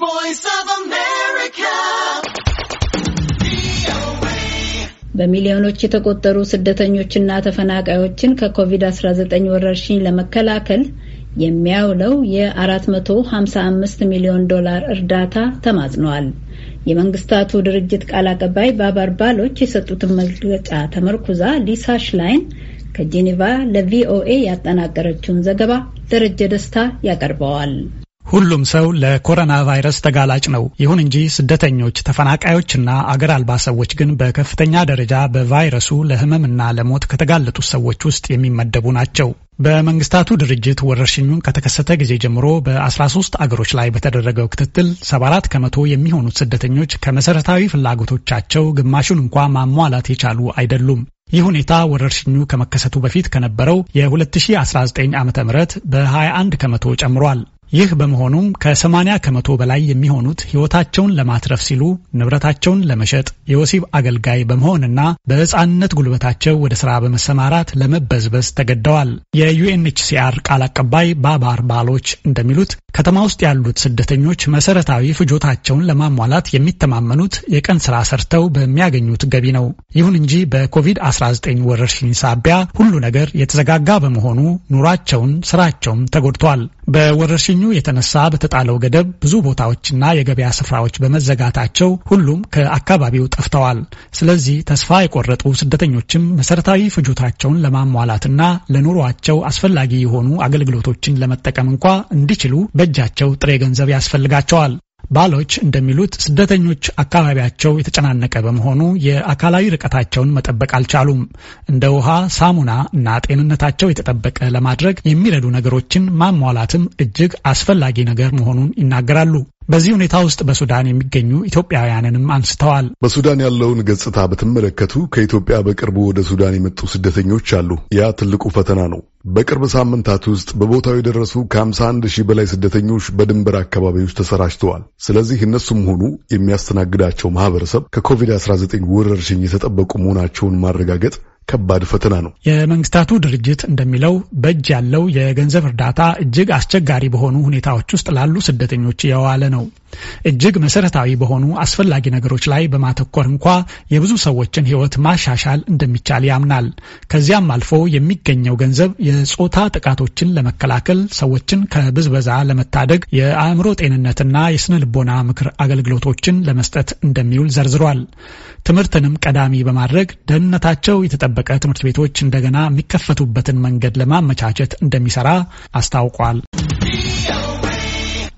ቮይስ ኦፍ አሜሪካ በሚሊዮኖች የተቆጠሩ ስደተኞችና ተፈናቃዮችን ከኮቪድ-19 ወረርሽኝ ለመከላከል የሚያውለው የ455 ሚሊዮን ዶላር እርዳታ ተማጽነዋል። የመንግስታቱ ድርጅት ቃል አቀባይ ባባር ባሎች የሰጡትን መግለጫ ተመርኩዛ ሊሳ ሽላይን ከጄኔቫ ለቪኦኤ ያጠናቀረችውን ዘገባ ደረጀ ደስታ ያቀርበዋል። ሁሉም ሰው ለኮሮና ቫይረስ ተጋላጭ ነው። ይሁን እንጂ ስደተኞች፣ ተፈናቃዮችና አገር አልባ ሰዎች ግን በከፍተኛ ደረጃ በቫይረሱ ለህመምና ለሞት ከተጋለጡት ሰዎች ውስጥ የሚመደቡ ናቸው። በመንግስታቱ ድርጅት ወረርሽኙን ከተከሰተ ጊዜ ጀምሮ በ13 አገሮች ላይ በተደረገው ክትትል 74 ከመቶ የሚሆኑት ስደተኞች ከመሰረታዊ ፍላጎቶቻቸው ግማሹን እንኳ ማሟላት የቻሉ አይደሉም። ይህ ሁኔታ ወረርሽኙ ከመከሰቱ በፊት ከነበረው የ2019 ዓ ም በ21 ከመቶ ጨምሯል። ይህ በመሆኑም ከ80 ከመቶ በላይ የሚሆኑት ሕይወታቸውን ለማትረፍ ሲሉ ንብረታቸውን ለመሸጥ የወሲብ አገልጋይ በመሆንና በሕፃንነት ጉልበታቸው ወደ ሥራ በመሰማራት ለመበዝበዝ ተገደዋል። የዩኤንኤችሲአር ቃል አቀባይ ባባር ባሎች እንደሚሉት ከተማ ውስጥ ያሉት ስደተኞች መሰረታዊ ፍጆታቸውን ለማሟላት የሚተማመኑት የቀን ስራ ሰርተው በሚያገኙት ገቢ ነው። ይሁን እንጂ በኮቪድ-19 ወረርሽኝ ሳቢያ ሁሉ ነገር የተዘጋጋ በመሆኑ ኑሯቸውን ስራቸውም ተጎድቷል። በወረርሽኙ የተነሳ በተጣለው ገደብ ብዙ ቦታዎችና የገበያ ስፍራዎች በመዘጋታቸው ሁሉም ከአካባቢው ጠፍተዋል። ስለዚህ ተስፋ የቆረጡ ስደተኞችም መሰረታዊ ፍጆታቸውን ለማሟላትና ለኑሯቸው አስፈላጊ የሆኑ አገልግሎቶችን ለመጠቀም እንኳ እንዲችሉ በእጃቸው ጥሬ ገንዘብ ያስፈልጋቸዋል። ባሎች እንደሚሉት ስደተኞች አካባቢያቸው የተጨናነቀ በመሆኑ የአካላዊ ርቀታቸውን መጠበቅ አልቻሉም። እንደ ውሃ፣ ሳሙና እና ጤንነታቸው የተጠበቀ ለማድረግ የሚረዱ ነገሮችን ማሟላትም እጅግ አስፈላጊ ነገር መሆኑን ይናገራሉ። በዚህ ሁኔታ ውስጥ በሱዳን የሚገኙ ኢትዮጵያውያንንም አንስተዋል። በሱዳን ያለውን ገጽታ ብትመለከቱ ከኢትዮጵያ በቅርቡ ወደ ሱዳን የመጡ ስደተኞች አሉ። ያ ትልቁ ፈተና ነው። በቅርብ ሳምንታት ውስጥ በቦታው የደረሱ ከ51 ሺህ በላይ ስደተኞች በድንበር አካባቢዎች ተሰራጭተዋል። ስለዚህ እነሱም ሆኑ የሚያስተናግዳቸው ማህበረሰብ ከኮቪድ-19 ወረርሽኝ የተጠበቁ መሆናቸውን ማረጋገጥ ከባድ ፈተና ነው። የመንግስታቱ ድርጅት እንደሚለው በእጅ ያለው የገንዘብ እርዳታ እጅግ አስቸጋሪ በሆኑ ሁኔታዎች ውስጥ ላሉ ስደተኞች የዋለ ነው። እጅግ መሰረታዊ በሆኑ አስፈላጊ ነገሮች ላይ በማተኮር እንኳ የብዙ ሰዎችን ሕይወት ማሻሻል እንደሚቻል ያምናል። ከዚያም አልፎ የሚገኘው ገንዘብ የጾታ ጥቃቶችን ለመከላከል፣ ሰዎችን ከብዝበዛ ለመታደግ፣ የአእምሮ ጤንነትና የስነ ልቦና ምክር አገልግሎቶችን ለመስጠት እንደሚውል ዘርዝሯል። ትምህርትንም ቀዳሚ በማድረግ ደህንነታቸው የተጠበቀ የተጠበቀ ትምህርት ቤቶች እንደገና የሚከፈቱበትን መንገድ ለማመቻቸት እንደሚሰራ አስታውቋል።